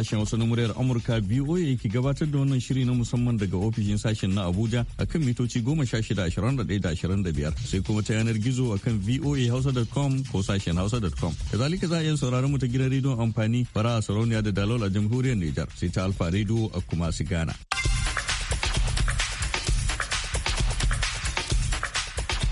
Sashen wasu na muryar Amurka ki ke gabatar da wannan shiri na musamman daga ofishin sashen na Abuja akan mitoci goma daya 16 da biyar sai kuma ta yanar gizo akan voahausa.com ko sashen hausa.com. Kazalika za a iya sauraron mu ta gidan rediyon amfani fara sarauniya da dalol a jamhuriyar Nijar sai ta Alfa rediyo a kuma su Ghana.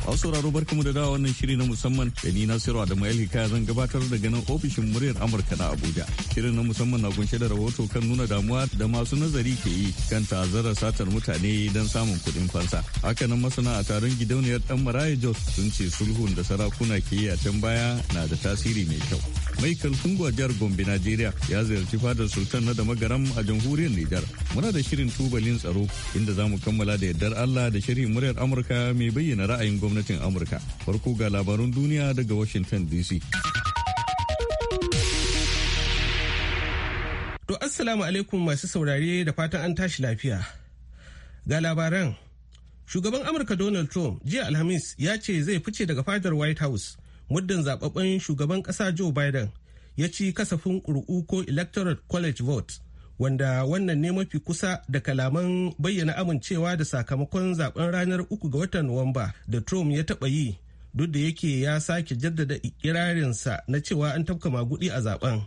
A sauraro barkamu da dawa wannan shiri na musamman da ni Nasiru Adamu Elika zan gabatar daga nan ofishin muryar Amurka na Abuja. Shirin na musamman na kunshe da rahoto kan nuna damuwa da masu nazari ke yi kan tazarar satar mutane don samun kuɗin fansa. Hakanan masana a taron gidauniyar Dan Maraya Jos sun ce sulhun da sarakuna ke yi a can baya na da tasiri mai kyau. Michael Kungu gwajar Gombe, nigeria ya ziyarci fadar Sultan na da magaram a jamhuriyar Nijar. Muna da shirin tubalin tsaro inda za mu kammala da yardar Allah da shirin muryar Amurka mai bayyana ra'ayin gwamnati. gwamnatin Amurka. Farko ga labarun duniya daga Washington DC. To Assalamu alaikum masu saurare da fatan an tashi lafiya. Ga labaran, shugaban Amurka Donald Trump jiya Alhamis ya ce zai fice daga fadar White House muddin zababben shugaban ƙasa Joe Biden ya ci kasafin ƙuri'u ko Electoral College vote wanda wannan ne mafi kusa da kalaman bayyana amincewa da sakamakon zaben ranar uku ga watan nuwamba da trump ya taɓa yi duk da yake ya sake jaddada ikirarinsa na cewa an tafka magudi a zaben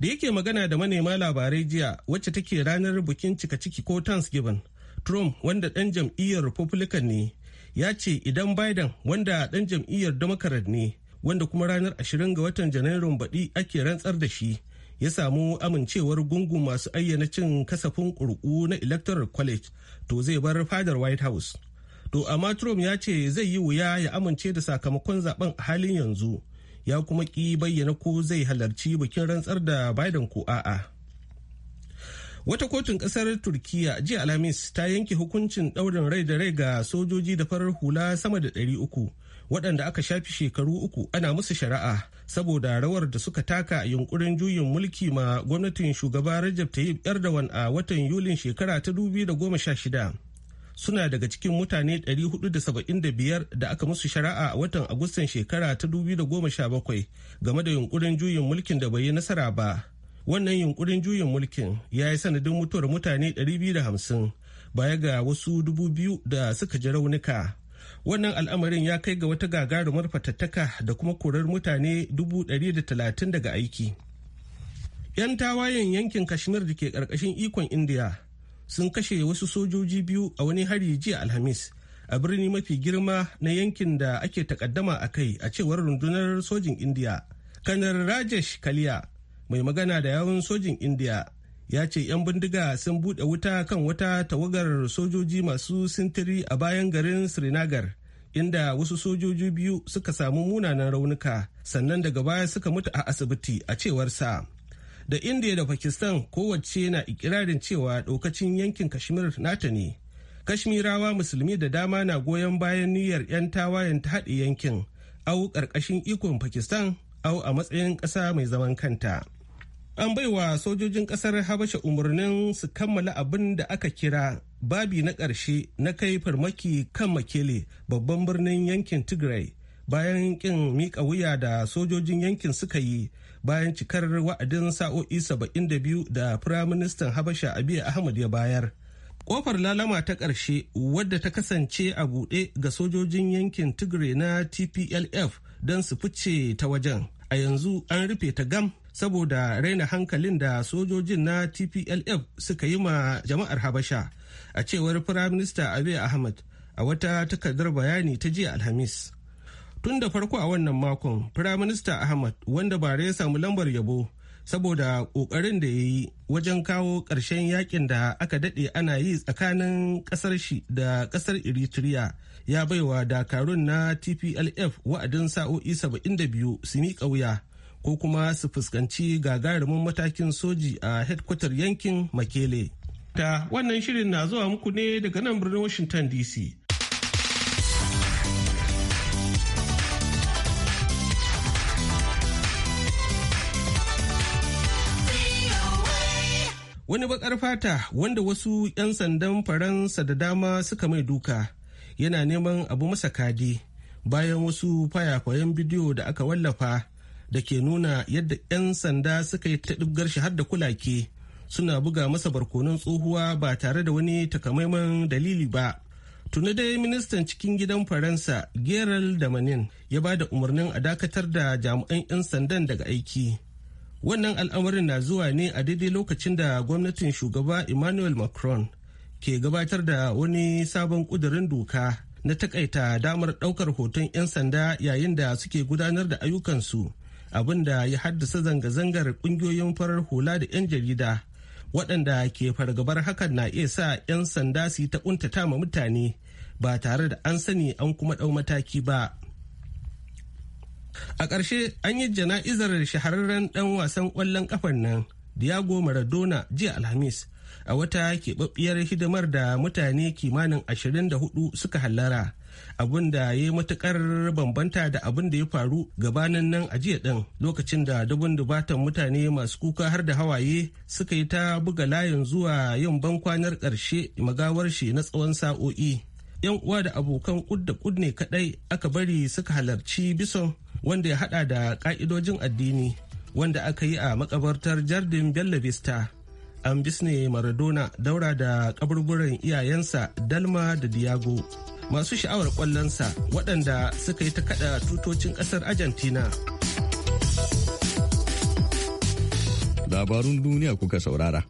da yake magana da manema labarai jiya wacce take ranar bikin cika ciki ko thanksgiving trump wanda ɗan jam'iyyar republican ne ya ce idan biden wanda ɗan jam'iyyar democrat ne wanda kuma ranar 20 ga watan janairun baɗi ake rantsar da shi ya samu amincewar gungun masu ayyana cin kasafin kurku na electoral college to zai bar fadar white house to amma trump ya ce zai yi wuya ya amince da sakamakon zaben a halin yanzu ya kuma ki bayyana ko zai halarci bikin rantsar da biden ko a'a wata kotun kasar turkiya jiya alhamis ta yanke hukuncin daurin rai da rai ga sojoji da farar hula sama da 300 waɗanda aka shafi shekaru uku ana musu shari'a saboda rawar da suka taka a yunkurin juyin mulki ma gwamnatin shugaba Rajab Tayyip Erdogan a watan Yulin shekara ta 2016. Suna daga cikin mutane 475 da aka musu shari'a a watan Agustan shekara ta 2017 game da yunkurin juyin mulkin da bai yi nasara ba. Wannan yunkurin juyin mulkin ya yi sanadin mutuwar mutane 250 baya ga wasu 2000 da suka ji raunuka. wannan al'amarin ya kai ga wata gagarumar fatattaka da kuma korar mutane 130 daga aiki. 'yan tawayen yankin kashmir da ke karkashin ikon indiya sun kashe wasu sojoji biyu a wani hari jiya alhamis a birni mafi girma na yankin da ake takaddama a kai a cewar rundunar sojin indiya kanar rajesh kaliya mai magana da yawon sojin indiya ya ce 'yan bindiga sun bude wuta kan wata tawagar sojoji masu sintiri a bayan garin srinagar inda wasu sojoji biyu suka samu munanan raunuka sannan daga baya suka mutu a asibiti a cewar sa da india da pakistan kowace na ikirarin cewa ɗaukacin yankin kashmir nata ne kashmirawa musulmi da dama na goyon bayan niyyar 'yan tawayen ta haɗe yankin au ƙarƙashin ikon pakistan au a matsayin ƙasa mai zaman kanta An baiwa sojojin kasar Habasha umarnin su kammala abin da aka kira babi na ƙarshe na kai farmaki kan Makele babban birnin yankin Tigray bayan ƙin miƙa wuya da sojojin yankin suka yi bayan cikar wa'adin sa'o'i 72 da Firaministan Habasha Abiy Ahmad ya bayar. Kofar lalama ta ƙarshe wadda ta kasance a buɗe ga sojojin yankin Tigray na TPLF don su fice ta wajen. a yanzu an rufe ta gam saboda raina hankalin da sojojin na tplf suka yi ma jama'ar habasha a cewar firaminista abiy ahmad a wata takardar bayani ta jiya alhamis tun da farko a wannan makon firaminista ahmad wanda ba ya samu lambar yabo saboda kokarin da ya yi wajen kawo ƙarshen yakin da aka daɗe ana yi tsakanin ƙasar shi da ƙasar eritrea ya baiwa dakarun na tplf wa'adin sa'o'i 72 su miƙa wuya ko kuma su fuskanci gagarumin matakin soji a hedkwatar yankin makele ta wannan shirin na zuwa muku ne daga nan birnin washington dc wani bakar fata wanda wasu 'yan sandan faransa da dama suka mai duka yana neman abu masa kadi bayan wasu fayafayen bidiyo da aka wallafa da ke nuna yadda 'yan sanda suka yi ta ɗibgar shi har da kulake suna buga masa barkonon tsohuwa ba tare da wani takamaiman dalili ba tuni dai ministan cikin gidan faransa gerald damanin ya ba da umarnin a dakatar da jami'an 'yan sandan daga aiki wannan al'amarin na zuwa ne a daidai lokacin da gwamnatin shugaba emmanuel macron ke gabatar da wani sabon ƙudurin doka na takaita damar ɗaukar hoton 'yan sanda yayin da suke gudanar da ayyukansu abin da ya haddasa zanga-zangar ƙungiyoyin farar hula da 'yan jarida waɗanda ke fargabar hakan na iya sa 'yan sanda su yi ta ma mutane ba tare da an sani an kuma ɗau mataki ba. A ƙarshe an yi jana'izar shahararren ɗan wasan ƙwallon ƙafar nan, Diego Maradona jiya Alhamis, a wata keɓaɓɓiyar hidimar da mutane kimanin 24 suka hallara abin da ya yi matukar bambanta da abin da ya faru gabanin nan a jiya ɗin lokacin da dubun dubatan mutane masu kuka har da hawaye suka yi ta buga layin zuwa yin bankwanar ƙarshe magawar shi na tsawon sa'o'i yan uwa da abokan kudda kud ne kadai aka bari suka halarci bison wanda ya hada da ka'idojin addini wanda aka yi a makabartar jardin bella vista an bisne maradona daura da kaburburan iyayensa dalma da diago masu sha'awar kwallonsa waɗanda suka yi ta kada tutocin ƙasar argentina labarun duniya kuka saurara.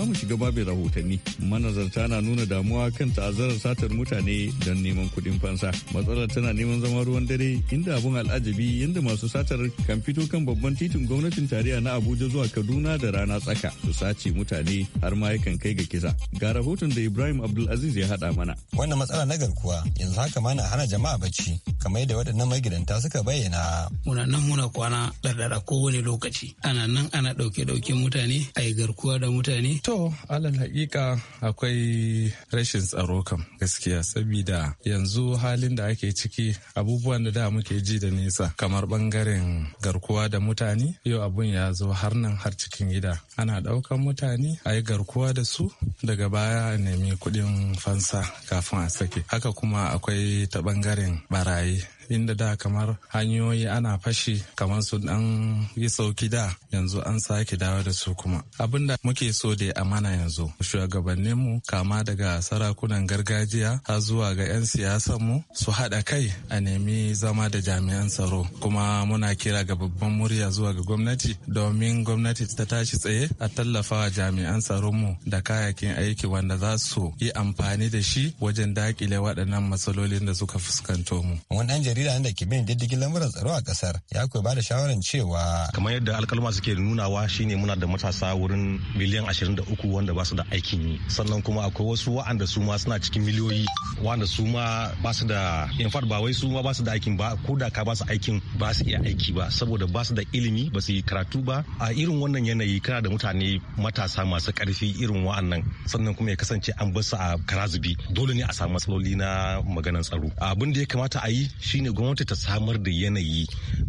za mu shiga babin rahotanni. Manazarta na nuna damuwa kan ta'azzarar satar mutane don neman kuɗin fansa. Matsalar tana neman zama ruwan dare inda abun al'ajabi yadda masu satar kan fito kan babban titin gwamnatin tarayya na Abuja zuwa Kaduna da rana tsaka su sace mutane har ma yakan kai ga kisa. Ga rahoton da Ibrahim Abdulaziz ya haɗa mana. Wannan matsala na garkuwa yanzu haka mana hana jama'a bacci kamar yadda waɗannan magidanta suka bayyana. Muna nan muna kwana ɗarɗara kowane lokaci ana nan ana ɗauke-ɗauke mutane a yi garkuwa da mutane To, alal haƙiƙa akwai rashin tsaro kam gaskiya saboda yanzu halin da ake ciki abubuwan da da muke ji da nesa kamar bangaren garkuwa da mutane yau abun ya zo har nan har cikin gida. Ana ɗaukan mutane a yi garkuwa da su daga baya a nemi kuɗin fansa kafin a sake. Haka kuma akwai ta bangaren barayi inda da kamar hanyoyi ana fashi kamar su dan yi sauki da yanzu an sake dawo da su kuma abin da muke so da amana yanzu shugabanninmu kama daga sarakunan gargajiya har zuwa ga 'yan siyasar mu su haɗa kai a nemi zama da jami'an tsaro kuma muna kira ga babban murya zuwa ga gwamnati domin gwamnati ta tashi tsaye a tallafa wa jami'an mu da kayakin aiki wanda za su yi amfani da shi wajen daƙile waɗannan matsalolin da suka fuskanto mu. Wani jarida da ke bin diddigin lamuran tsaro a kasar ya koyi ba da shawarar cewa kamar yadda alkalma suke nunawa shine muna da matasa wurin miliyan 23 wanda ba su da aikin yi sannan kuma akwai wasu wa'anda su ma suna cikin miliyoyi wa'anda su ma ba su da in fact ba wai su ma ba su da aikin ba ko da ka ba su aikin ba su iya aiki ba saboda ba su da ilimi ba su yi karatu ba a irin wannan yanayi kana da mutane matasa masu karfi irin wa'annan sannan kuma ya kasance an bar su a karazubi dole ne a samu matsaloli na maganan tsaro abin da ya kamata a yi shine ne gwamnati ta samar da yanayi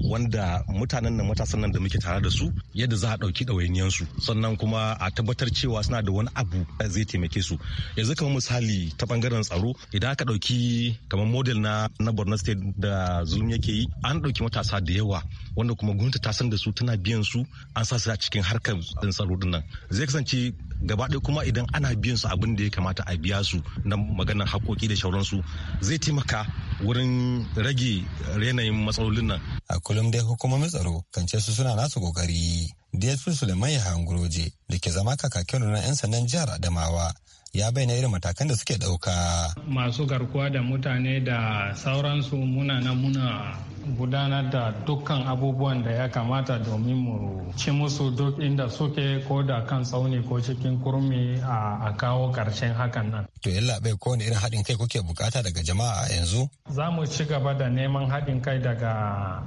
wanda mutanen nan matasan nan da muke tare da su yadda za a ɗauki su sannan kuma a tabbatar cewa suna da wani abu zai taimake su yanzu kamar misali ta bangaren tsaro idan aka ɗauki kamar model na na borno state da zulum yake yi an ɗauki matasa da yawa wanda kuma gwamnati ta san da su tana biyan su an sa su a cikin harkar tsaro din nan zai kasance gaba ɗaya kuma idan ana biyan su abin da ya kamata a biya su na maganar haƙoƙi da shauransu zai taimaka wurin rage yanayin matsalolin nan a kullum dai hukumomin tsaro kan ce su suna nasu kokari dsp suleiman ya hangroje da ke zama kakakin na 'yan sandan jihar adamawa ya bayyana irin matakan da suke ɗauka. Masu garkuwa da mutane da sauransu muna na muna gudanar da dukkan abubuwan da ya kamata domin mu ci musu duk inda suke ko da kan tsauni ko cikin kurmi a kawo karshen hakan nan. To yalla bai kowane irin haɗin kai kuke bukata daga jama'a yanzu? Za mu ci gaba da neman haɗin kai daga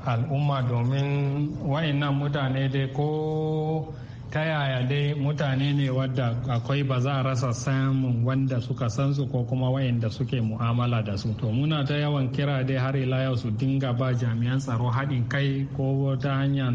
al'umma domin waannan mutane dai ko ta yaya dai mutane ne wadda akwai ba za a rasa samun wanda suka san su ko kuma wayanda suke mu'amala da su to muna ta yawan kira dai har ila yau su dinga ba jami'an tsaro haɗin kai ko ta hanyar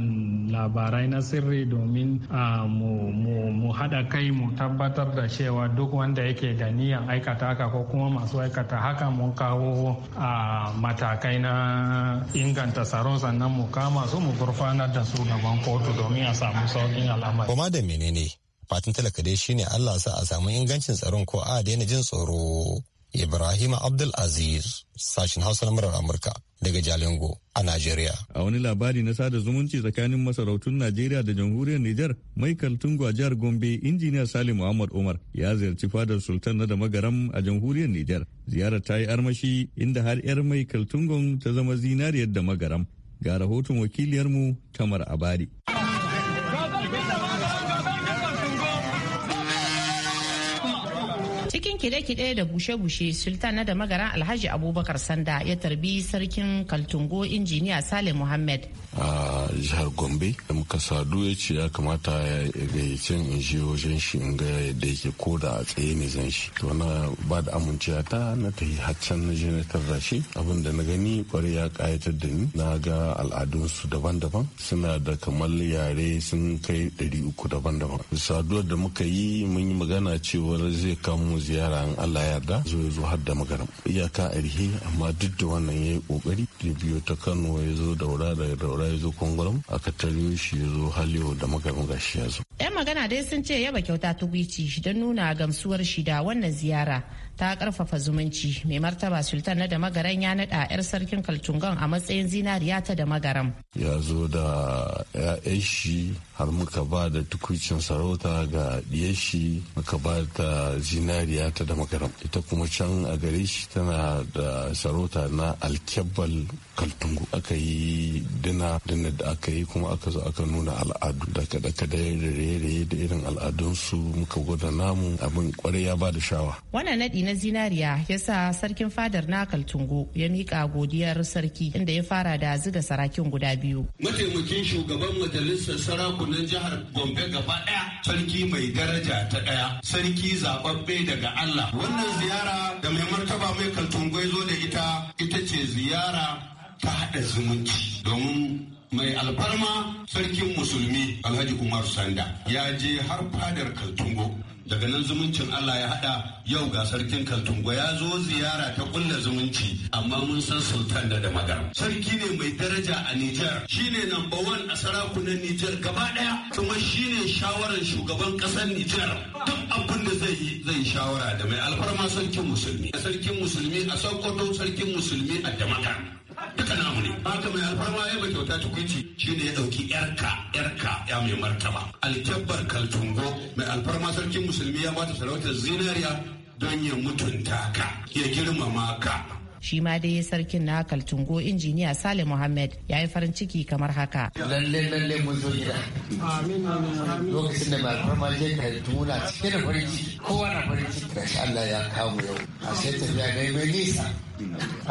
labarai na sirri domin mu haɗa kai mu tabbatar da cewa duk wanda yake da niyan aikata haka ko kuma masu aikata haka mun kawo a matakai na inganta tsaron sannan mu kama su mu gurfanar da su gaban kotu domin a samu sauƙin al'amari Koma da menene fatan talaka dai shine Allah sa a samu ingancin tsaron ko a daina jin tsoro. Ibrahim Abdul Aziz, sashen Hausa na murar Amurka daga Jalingo a Najeriya. A wani labari na sada zumunci tsakanin masarautun Najeriya da jamhuriyar Nijar, Michael Tungo a jihar Gombe, injiniya Salim Muhammad Umar ya ziyarci fadar Sultan na da magaram a jamhuriyar Nijar. Ziyarar ta yi armashi inda har 'yar Michael Tungon ta zama zinariyar da magaram. Ga rahoton wakiliyarmu Tamar Abadi. kide-kide da bushe-bushe sultan na da magaran alhaji abubakar sanda ya tarbi sarkin kaltungo injiniya salim muhammad a jihar gombe da muka sadu ya ce ya kamata ya gayyace in je wajen shi in ga yadda yake ko da a tsaye ne zan shi to na ba da amincewa ta na tafi haccan na je na tarra shi abin da na gani kwarai ya kayatar da ni na ga al'adunsu daban-daban suna da kamar yare sun kai ɗari uku daban-daban saduwar da muka yi mun yi magana cewar zai kamo ziyara yara in Allah ya yarda zo ya zo har da magaram iyaka arhe amma duk da wannan yayi kokari da biyo ta Kano ya zo daura da daura ya zo Kongolam aka taryo shi ya zo Haliyo da magaram shi ya zo yan magana dai sun ce yaba kyauta tubici don nuna gamsuwar shi da wannan ziyara ta karfafa zumunci mai martaba sultan na da magaran ya nada yar sarkin kaltungan a matsayin zinariya ta da magaram ya zo da ya'yan shi har muka ba da tukucin sarauta ga diyar shi muka ba ta zinariya ta da magaram ita kuma can a gare shi tana da sarauta na alkebal kaltungu aka yi dina dina da aka yi kuma aka zo aka nuna al'adu da kada da raye da irin al'adunsu muka gwada namu abin kwarai ya ba da shawa wannan nadi na zinariya yasa sarkin fadar na kaltungu ya mika godiyar sarki inda ya fara da zuga sarakin guda biyu mataimakin shugaban majalisar sarakunan jihar gombe gaba daya sarki mai daraja ta ɗaya sarki zababbe daga allah wannan ziyara da mai martaba mai kaltungu ya zo da ita ita ce ziyara Ta haɗa zumunci domin mai alfarma sarkin musulmi alhaji umar sanda ya je har fadar kaltungo daga nan zumuncin allah ya haɗa yau ga sarkin kaltungo ya zo ziyara ta kulla zumunci amma mun san sultan da da magar sarki ne mai daraja a nijar shine number one a sarakunan nijar gaba ɗaya. kuma shine shawarar shugaban kasar nijar duk abin da zai yi zai shawara da mai alfarma sarkin musulmi A sarkin musulmi a sokoto sarkin musulmi a damaka duka namu ne ba ka mai alfarma ya ba kyauta tukunci shi ne ya ɗauki yarka yarka ya mai martaba alkyabbar kaltungo mai alfarma sarkin musulmi ya bata sarautar zinariya don ya mutunta ka ya girmama ka shi ma dai sarkin na kaltungo injiniya sale muhammad ya yi farin ciki kamar haka lalle lalle mun zo gida lokacin da mai farma je kaltungo na cike da farin ciki kowa na farin ciki da allah ya kawo yau a sai tafiya da mai nisa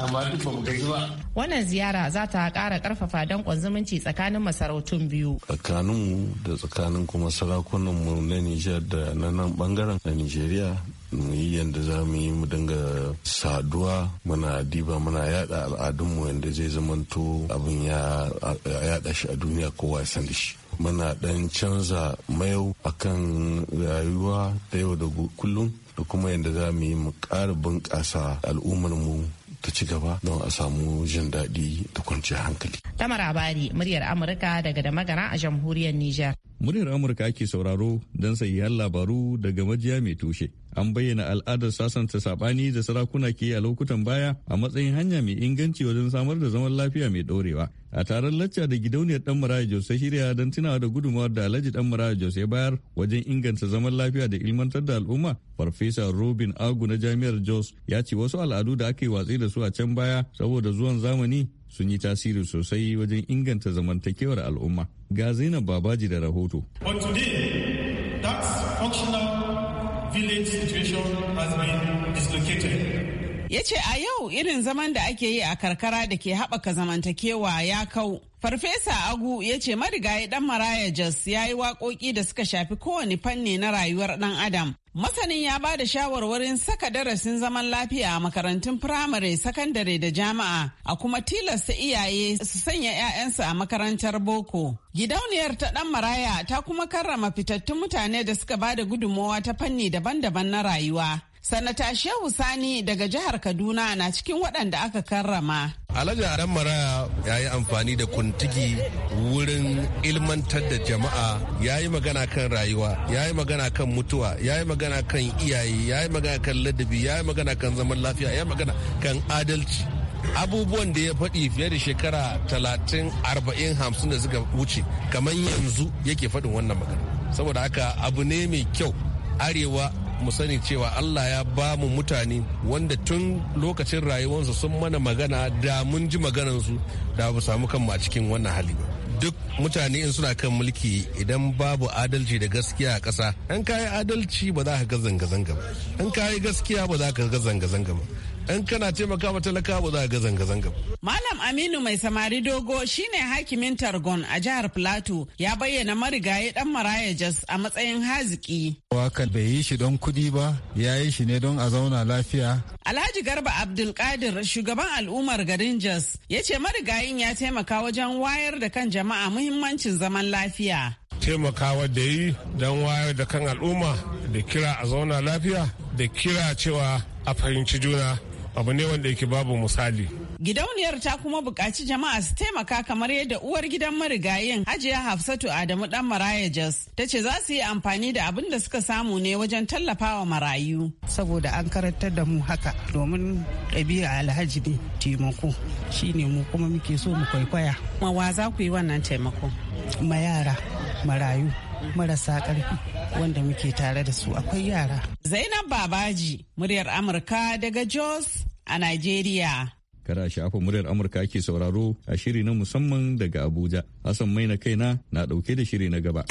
amma duk ba mu gaji ba wannan ziyara za ta ƙara ƙarfafa danƙon zumunci tsakanin masarautun biyu tsakanin mu da tsakanin kuma sarakunan mu na nijar da na nan bangaren na nigeria mu yi yadda za mu yi mu dinga saduwa muna diba muna yada al'adunmu yadda zai zamanto abin ya yada shi a duniya kowa ya da shi muna dan canza mayau akan rayuwa ta yau da kullum da kuma yadda za mu yi mu ƙara bunƙasa mu. ta ci gaba don a samu jin daɗi da kwanciyar hankali. Tamara Bari, muryar Amurka daga da magana a jamhuriyar Nijar. muryar amurka ake sauraro don sahihan labaru daga majiya mai tushe an bayyana al'adar sasanta saɓani da sarakuna ke a lokutan baya a matsayin hanya mai inganci wajen samar da zaman lafiya mai ɗorewa. a taron lacca da gidauniyar dan maraya jos shirya don tunawa da gudunmawar da alhaji dan maraya jos ya bayar wajen inganta zaman lafiya da ilmantar da al'umma farfesa robin agu na jami'ar jos ya ce wasu al'adu da ake watsi da su a can baya saboda zuwan zamani sun yi tasiri sosai wajen inganta zamantakewar al'umma Ga Zainab Babaji da rahoto. But today, that functional village situation has been dislocated. Ya ce a yau irin zaman da ake yi a karkara da ke haɓaka zamantakewa ya kau. Farfesa Agu ya ce marigayi ɗan Maraya Jos ya yi waƙoƙi da suka shafi kowane fanni na rayuwar ɗan Adam. Masanin ya ba da shawarwarin saka darasin zaman lafiya a makarantun firamare, sakandare da jama'a, a kuma tilasta iyaye su sanya 'ya'yansu a makarantar boko. Gidauniyar ta ɗan maraya ta kuma karrama fitattun mutane da suka ba da gudummawa ta fanni daban-daban na rayuwa. Sanata Shehu Sani daga jihar Kaduna na cikin waɗanda aka karrama. Alhaji Aran Maraya ya yi amfani da kuntigi wurin ilmantar da jama'a ya yi magana kan rayuwa, ya yi magana kan mutuwa, ya yi magana kan iyaye, ya yi magana kan ladabi, ya yi magana kan zaman lafiya, ya yi magana kan adalci. abubuwan da ya faɗi fiye da shekara talatin arba'in hamsin da suka wuce kamar yanzu yake faɗin wannan magana saboda haka abu ne mai kyau arewa mu sani cewa Allah ya ba mu mutane wanda tun lokacin rayuwarsu sun mana magana da mun ji maganansu da ba samu kanmu a cikin wannan hali ba. Duk mutane in suna kan mulki idan babu adalci da gaskiya a ƙasa, an kayi adalci ba za ka ga zanga-zanga ba, an kayi gaskiya ba za ka ga zanga-zanga ba. in kana taimaka talakawa talaka ba za a ga zanga-zanga Malam Aminu Mai Samari Dogo shine hakimin Targon a jihar Plateau ya bayyana marigayi dan Maraya Jos a matsayin haziki. Waka bai yi shi don kudi ba, ya yi shi ne don a zauna lafiya. Alhaji Garba Abdulkadir shugaban al'ummar garin Jos ya ce marigayin ya taimaka wajen wayar da kan jama'a muhimmancin zaman lafiya. Taimakawa da yi don wayar da kan al'umma da kira a zauna lafiya da kira cewa a fahimci juna abu ne wanda yake babu misali gidauniyar ta kuma buƙaci jama'a su taimaka kamar yadda uwar gidan marigayin hajiya hafsatu adamu dan maraya jos ta ce za su yi amfani da abin da suka samu ne wajen tallafawa marayu saboda an karantar da mu haka domin ɗabi'a alhaji ne taimako shine mu kuma muke so mu kwaikwaya Mawa za ku yi wannan taimako ma yara marayu marasa ƙarfi wanda muke tare da su akwai yara. Zainab Babaji, muryar Amurka daga Jos a Najeriya. Kara shafa muryar Amurka ke sauraro a shiri na musamman daga Abuja. Hassan mai na kaina na ɗauke da shiri na gaba.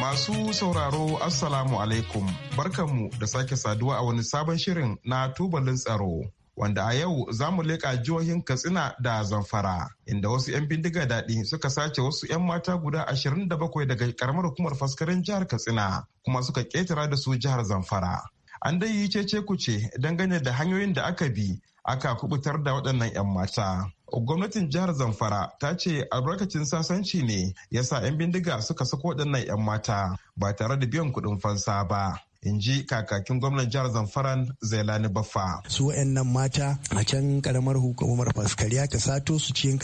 Masu sauraro Assalamu alaikum, barkanmu da sake saduwa a wani sabon shirin na tubalin tsaro. wanda a yau za mu leƙa jihohin katsina da zamfara inda wasu 'yan bindiga daɗi suka sace wasu 'yan mata guda 27 daga karamar hukumar faskarin jihar katsina kuma suka ƙetara da su jihar zamfara an dai yi cece kuce dangane da hanyoyin da aka bi aka kubutar da waɗannan 'yan mata gwamnatin jihar zamfara ta ce albarkacin sasanci ne yasa 'yan bindiga suka sako waɗannan 'yan mata ba tare da biyan kuɗin fansa ba in ji kakakin gwamnan jihar zamfaran zailani baffa su wayannan mata a can karamar hukumar faskari aka sato su cikin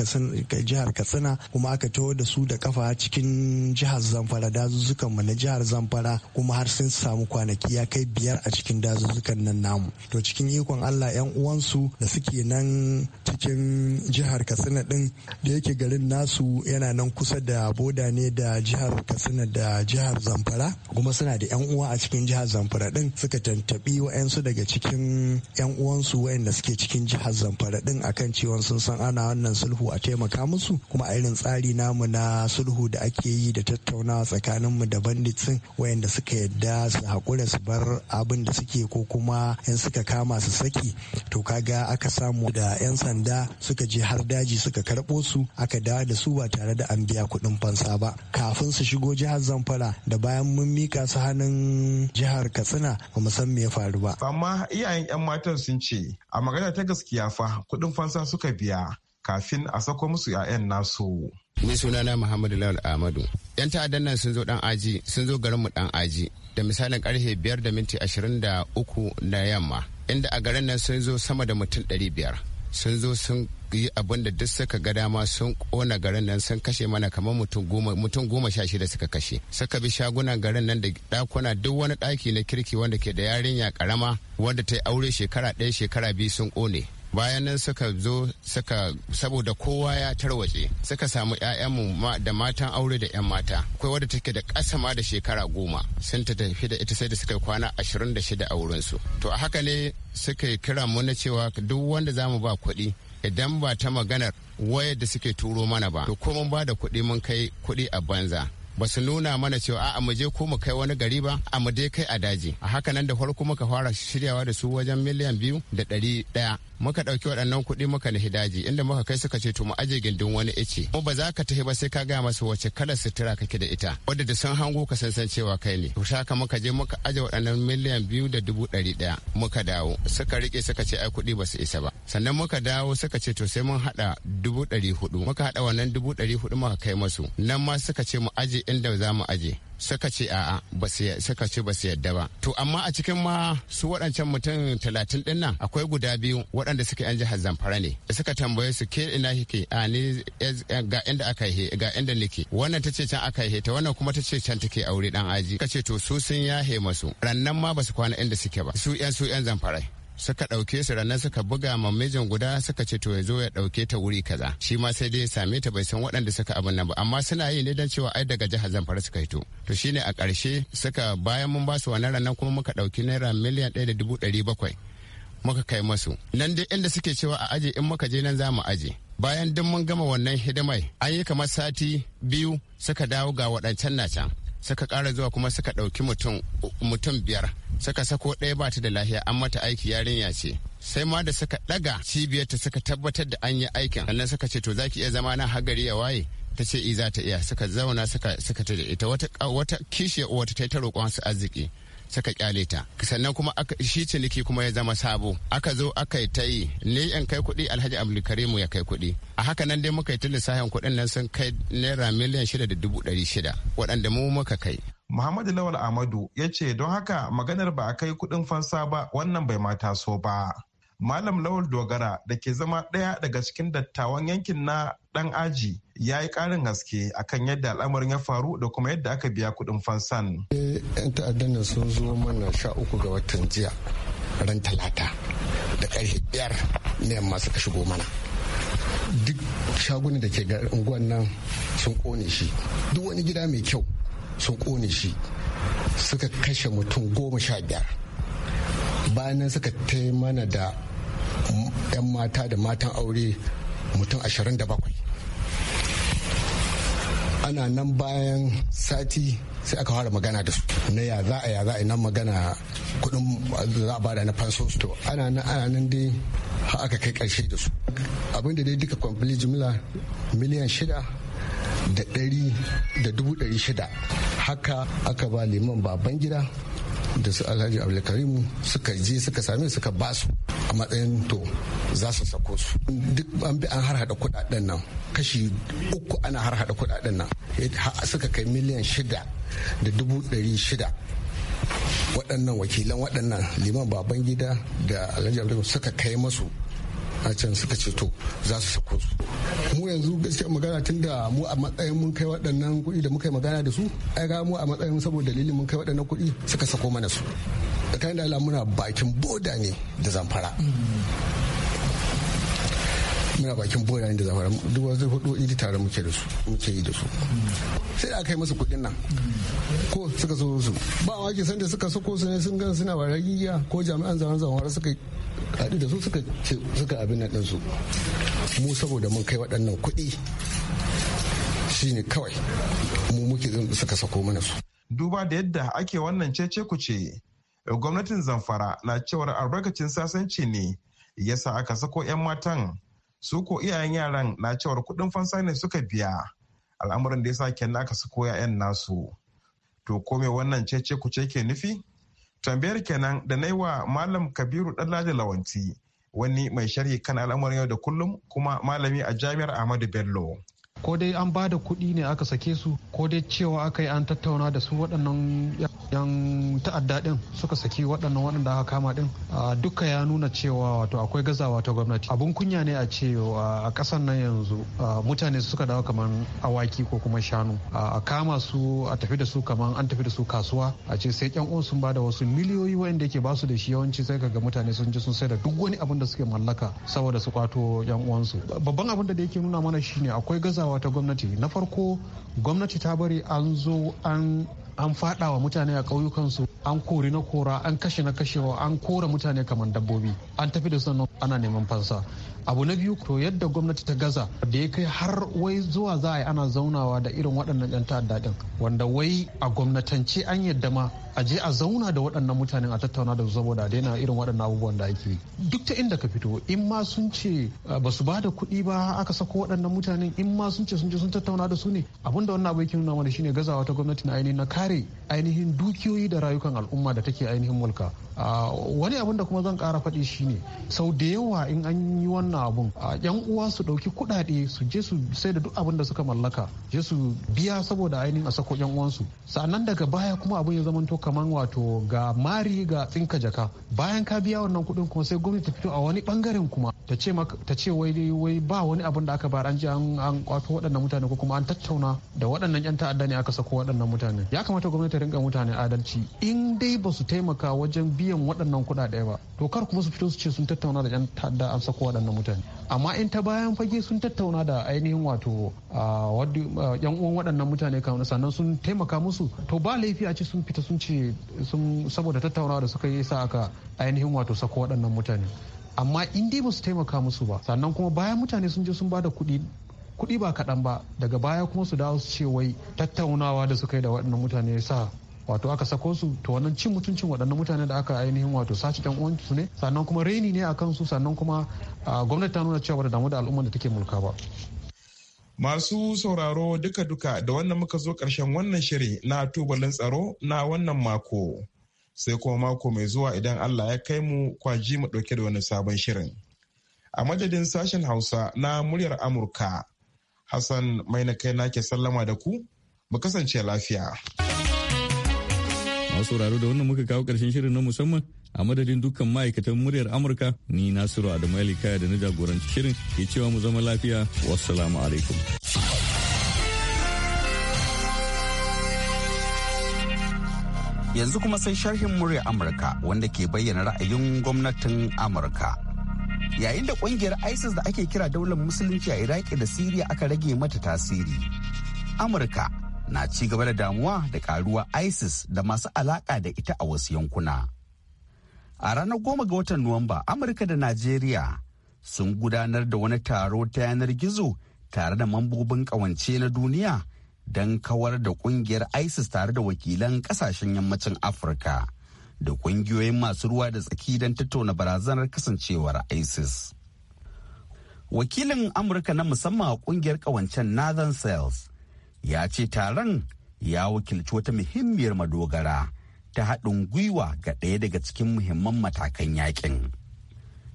jihar katsina kuma aka taho da su da kafa cikin jihar zamfara dazuzzukan mu na jihar zamfara kuma har sun samu kwanaki ya kai biyar a cikin dazuzzukan nan namu to cikin ikon allah yan uwansu da suke nan cikin jihar katsina din da yake garin nasu yana nan kusa da boda ne da jihar katsina da jihar zamfara kuma suna da yan uwa a cikin jihar zamfara din suka tantabi wa'yansu daga cikin 'yan uwansu wa'yanda suke cikin jihar zamfara din akan cewa sun san ana wannan sulhu a taimaka musu kuma a irin tsari namu na sulhu da ake yi da tattaunawa tsakanin mu da banditsin wa'yanda suka yadda su hakura su bar abin da suke ko kuma in suka kama su saki to kaga aka samu da 'yan sanda suka je har daji suka karɓo su aka dawo da su ba tare da an biya kuɗin fansa ba kafin su shigo jihar zamfara da bayan mun mika su hannun jihar jihar katsina ba mu san me ya faru ba amma iyayen yan matan sun ce a magana ta gaskiya fa kudin fansa suka biya kafin a sako musu 'ya'yan nasu ni sunana muhammadu lawal ahmadu yan ta'addan nan sun zo dan aji sun zo garinmu dan aji da misalin karfe biyar da minti ashirin da uku na yamma inda a garin nan sun zo sama da mutum ɗari biyar sun zo sun yi abin da duk suka ga dama sun kona garin nan sun kashe mana kamar mutum goma mutum goma sha shida suka kashe suka bi shagunan garin nan da dakuna duk wani daki na kirki wanda ke da yarinya karama wanda ta yi aure shekara ɗaya shekara biyu sun kone bayan nan suka zo suka saboda kowa ya tarwatse suka samu 'ya'yanmu da matan aure da 'yan mata akwai wadda take da ƙasa ma da shekara goma sun ta tafi da ita sai da suka kwana ashirin da shida a wurinsu to a haka ne suka yi kira mu na cewa duk wanda zamu ba kuɗi idan ba ta maganar wayar da suke turo mana ba to ko mun ba da kuɗi mun kai kuɗi a banza ba su nuna mana cewa a'a mu je ko mu kai wani gari ba a mu dai kai a daji a haka nan da farko muka fara shiryawa da su wajen miliyan biyu da ɗari ɗaya muka ɗauki waɗannan kuɗi muka nufi daji inda muka kai suka ce to mu aje gindin wani ice mu ba za ka tafi ba sai ka gaya masu wace kalar sutura kake da ita wadda da sun hango ka san cewa kai ne to haka muka je muka aje waɗannan miliyan biyu da dubu ɗari ɗaya muka dawo suka rike suka ce ai kuɗi ba su isa ba sannan muka dawo suka ce to sai mun haɗa dubu ɗari hudu muka haɗa wannan dubu ɗari hudu muka kai masu nan ma suka ce mu aje inda za mu aje suka ce a'a ba suka ce ba su yadda ba to amma a cikin ma su waɗancan mutum talatin ɗin nan akwai guda biyu waɗanda suka yan jihar zamfara ne suka tambaye su ke ina kike a ni ga inda aka yi ga inda nake wannan ta ce can aka yi ta wannan kuma ta ce can take aure dan aji ce to su sun yahe masu rannan ma ba su kwana inda suke ba su yan su yan zamfara suka ɗauke su ranar suka buga ma guda suka ce to ya zo ya ɗauke ta wuri kaza shi ma sai dai ya same ta bai san waɗanda suka abin nan ba amma suna yi ne don cewa ai daga jihar zamfara suka hito to shine a ƙarshe suka bayan mun ba su wannan ranar kuma muka ɗauki naira miliyan ɗaya da dubu ɗari bakwai muka kai masu nan dai inda suke cewa a aje in muka je nan za mu aje bayan duk mun gama wannan hidimai an yi kamar sati biyu suka dawo ga waɗancan na can suka kara zuwa kuma suka ɗauki mutum biyar suka sako ɗaya ba ta da lahiya an mata aiki yarinya ce sai ma da suka ɗaga cibiyarta suka tabbatar da an yi aikin sannan suka ce to zaki iya zama na hagari ya waye ta ce i eh, za ta iya suka zauna suka suka ta ita wata wata kishiyar uwata ta ta roƙon su arziki saka kyale ta sannan kuma shi ciniki kuma ya zama sabo aka zo aka yi ta yi ne in kai kuɗi alhaji abdulkarimu ya kai kuɗi a haka nan dai muka yi tun lissafin kuɗin nan sun kai naira miliyan shida da dubu ɗari shida waɗanda mu muka kai Muhammadu Lawal Amadu ya ce don haka maganar ba a kai kuɗin fansa ba wannan bai ma taso ba. Malam Lawal Dogara da ke zama ɗaya daga cikin dattawan yankin na ɗan aji ya yi ƙarin haske akan yadda al'amarin ya faru da kuma yadda aka biya kuɗin fansan. 'yan ta'addan nan sun zo mana sha uku ga watan jiya ran talata da ƙarfe biyar na yamma suka shigo mana duk shaguna da ke unguwan nan sun kone shi duk wani gida mai kyau sun kone shi suka kashe mutum goma sha biyar bayan suka taimana da 'yan mata da matan aure mutum ashirin da bakwai ana nan bayan sati sai aka fara magana da su na ya za a ya za a nan magana kudin za a bada na fanso to ana nan ana nan dai har aka kai karshe da su abin da dai duka kwamfili jimla miliyan shida da ɗari da dubu ɗari shida haka aka ba liman baban gida da su alhaji abdulkarimu suka je suka same suka basu a matsayin to za su sako su duk an bi an harhaɗa kuɗaɗen nan kashi uku ana harhaɗa kuɗaɗen nan suka kai miliyan shida da dubu ɗari shida waɗannan wakilan waɗannan liman baban gida da alhaji abdul suka kai masu a can suka ce to za su sako su mu yanzu gaskiya magana tun da mu a matsayin mun kai waɗannan kuɗi da muka yi magana da su ai ga mu a matsayin saboda dalilin mun kai waɗannan kuɗi suka sako mana su da kayan da muna bakin boda ne da zamfara muna bakin borayen da zamfara duk wasu hudu idi tare muke da su muke yi da su sai da aka yi musu kuɗin nan ko suka so su ba wa ke sanda suka sako su ne sun gan suna ba giya ko jami'an zaman zamfara suka haɗu da su suka suka abin nan ɗinsu mu saboda mun kai waɗannan kuɗi shine kawai mu muke zan suka sako mana su duba da yadda ake wannan cece ce gwamnatin zamfara na cewar albarkacin sasanci ne yasa aka sako 'yan matan su ko iyayen yaran na cewar kudin fansa ne suka biya al'amuran da ya sa kenan aka su koya 'yan nasu to ko me wannan cece ku ce ke nufi tambayar kenan da na yi wa malam kabiru ɗanladi lawanti wani mai sharhi kan al'amuran yau da kullum kuma malami a jami'ar ahmadu bello ko dai an ba da kuɗi ne aka sake su ko dai cewa aka yi an tattauna da su waɗannan yan ta'adda ɗin suka saki waɗannan waɗanda aka kama ɗin duka ya nuna cewa wato akwai gazawa ta gwamnati abun kunya ne a ce a ƙasar nan yanzu mutane suka dawo kamar awaki ko kuma shanu a kama su a tafi da su kamar an tafi da su kasuwa a ce sai ƴan uwan sun ba da wasu miliyoyi waɗanda yake ba su da shi yawanci sai kaga mutane sun ji sun sai da duk wani abin da suke mallaka saboda su kwato ƴan uwansu babban abin da yake nuna mana shine akwai gazawa gazawa ta gwamnati na farko gwamnati ta bari an zo an an fada wa mutane a ƙauyukansu an kori na kora an kashe na kashewa an kora mutane kamar dabbobi an tafi da sannan ana neman fansa abu na biyu ko yadda gwamnati ta gaza da ya kai har wai zuwa za a yi ana zaunawa da irin waɗannan 'yan ta'adda ɗin wanda wai a gwamnatance an yadda ma a je a zauna da waɗannan mutanen a tattauna da su saboda daina irin waɗannan abubuwan da ake yi duk ta inda ka fito in ma sun ce ah, ba su ba da kuɗi ba aka sako waɗannan mutanen in ma sun ce sun ce sun tattauna da su ne abin da wannan abu yake nuna mana shine gazawa ta gwamnati na ainihin na kare ainihin dukiyoyi da rayukan al'umma da take ainihin mulka ah, wani abin da kuma zan ƙara faɗi shine sau da yawa in an yi wannan abun a yan uwa su dauki kuɗaɗe su je su sai da duk abin da suka mallaka je su biya saboda ainihin a sako yan uwansu sannan daga baya kuma abin ya zamanto kaman wato ga mari ga tsinka jaka bayan ka biya wannan kuɗin kuma sai gwamnati ta fito a wani bangaren kuma ta ce ta ce wai wai ba wani abin da aka bar an je an kwato waɗannan mutane ko kuma an tattauna da waɗannan yan ta'adda ne aka sako waɗannan mutane ya kamata gwamnati ta rinka mutane adalci in dai ba su taimaka wajen biyan waɗannan kuɗaɗe ba to kar kuma su fito su ce sun tattauna da yan ta'adda an sako waɗannan mutane amma in ta bayan fage sun tattauna da ainihin wato yan uwan waɗannan mutane kamar sannan sun taimaka musu to ba laifi a ce sun fita sun ce sun saboda tattaunawa da suka yi sa aka ainihin wato sako waɗannan mutane amma in dai ba su taimaka musu ba sannan kuma bayan mutane sun je sun ba da kuɗi kuɗi ba kaɗan ba daga baya kuma su dawo su ce wai tattaunawa da suka yi da waɗannan mutane sa wato aka sako su to wannan cin mutuncin waɗannan mutane da aka ainihin wato sace ɗan uwan su ne sannan kuma raini ne akan su sannan kuma gwamnati ta nuna cewa da damu da al'umman da take mulka ba Masu sauraro duka-duka da wannan muka zo karshen wannan shiri na tubalin tsaro na wannan mako. Sai kuma mako mai zuwa idan Allah ya kai mu kwaji mu ɗauke da wani sabon shirin. A madadin sashen Hausa na muryar Amurka, Hassan mai na kai nake sallama da ku, mu kasance lafiya. Masu sauraro da wannan muka kawo karshen shirin na musamman a madadin dukkan ma'aikatan muryar Amurka ni Nasiru Adamu Kaya da na jagoranci shirin ke cewa mu zama lafiya wassalamu alaikum. Yanzu kuma sai sharhin muryar Amurka wanda ke bayyana ra'ayin gwamnatin Amurka. Yayin da kungiyar ISIS da ake kira daular musulunci a Iraki da Siriya aka rage mata tasiri. Amurka na ci gaba da damuwa da karuwa isis da masu alaka da ita a wasu yankuna a ranar goma ga watan nuwamba amurka da najeriya sun gudanar da wani taro ta yanar gizo tare da mambobin kawance na duniya don kawar da kungiyar isis tare da wakilan kasashen yammacin afirka da kungiyoyin masu ruwa da tsaki don tattauna barazanar kasancewar isis wakilin amurka na musamman a kungiyar kawancen northern sales ya ce taron ya wakilci wata muhimmiyar madogara ta haɗin gwiwa ga ɗaya daga cikin muhimman matakan yakin.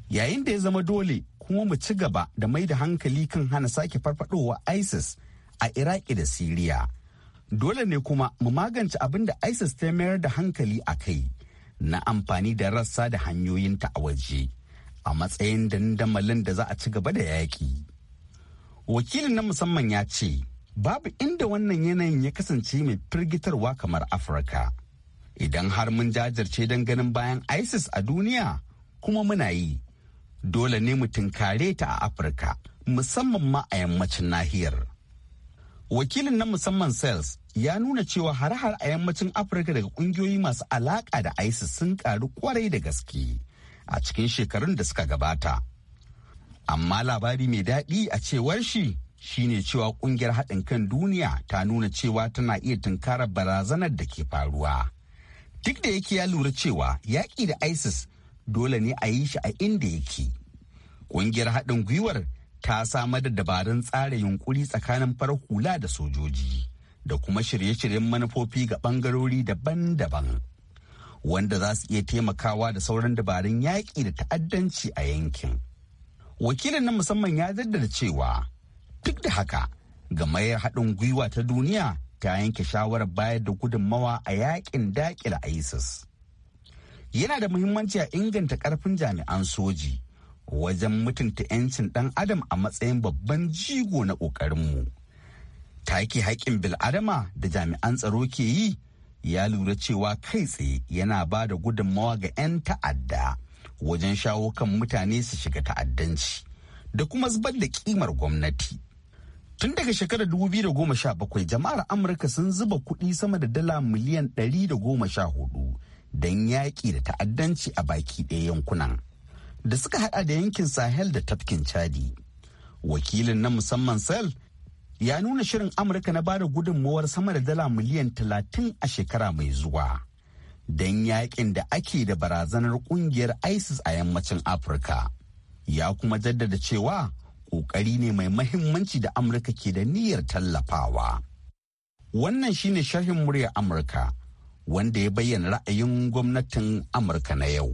Yayin da ya zama dole kuma mu ci gaba da mai da hankali kan hana sake farfadowa ISIS a Iraki da Siriya. Dole ne kuma mu magance abin da ISIS ta mayar da hankali a kai na amfani da rassa da hanyoyinta a waje a matsayin dandamalin da za a ci gaba da yaƙi. Wakilin na musamman ya ce, babu inda wannan yanayin ya kasance mai firgitarwa kamar afirka idan har mun jajirce don ganin bayan isis a duniya kuma muna yi dole ne mu tunkare ta a afirka musamman ma a yammacin nahiyar wakilin na musamman sales ya nuna cewa har-har a yammacin afirka daga kungiyoyi masu alaka da isis sun karu kwarai da gaske a cikin shekarun da suka gabata amma labari mai daɗi a cewar shi shine cewa kungiyar haɗin kan duniya ta nuna cewa tana iya tunkarar barazanar da ke faruwa duk da yake ya lura cewa yaƙi da isis dole ne a yi shi a inda yake kungiyar haɗin gwiwar ta samar da dabarun tsara yunkuri tsakanin farar hula da sojoji da kuma shirye-shiryen manufofi ga ɓangarori daban-daban wanda za su iya taimakawa da sauran dabarun yaƙi da ta'addanci a yankin wakilin na musamman ya jaddada cewa duk da haka gamayyar haɗin gwiwa ta duniya ta yanke shawarar bayar da gudunmawa a yakin daƙila isis yana da muhimmanci a inganta ƙarfin jami'an soji wajen mutunta 'yancin ɗan adam a matsayin babban jigo na ƙoƙarinmu take haƙƙin bil'adama da jami'an tsaro ke yi ya lura cewa kai tsaye yana ba da gudunmawa ga 'yan ta'adda wajen shawo kan mutane su shiga ta'addanci da kuma zubar da kimar gwamnati Tun daga shekarar 2017 jama'ar Amurka sun zuba kuɗi sama da dala miliyan 114 don yaƙi da ta'addanci a baki ɗaya yankunan da suka haɗa da yankin Sahel da tafkin Chadi. Wakilin na musamman Sel ya nuna shirin Amurka na bada gudunmawar sama da dala miliyan 30 a shekara mai zuwa. Don yaƙin da ake da barazanar ƙungiyar ISIS a yammacin Afirka. Ya kuma jaddada cewa ƙoƙari ne mai mahimmanci da Amurka ke da niyyar tallafawa. Wannan shine shahin murya Amurka wanda ya bayyana ra'ayin gwamnatin Amurka na yau.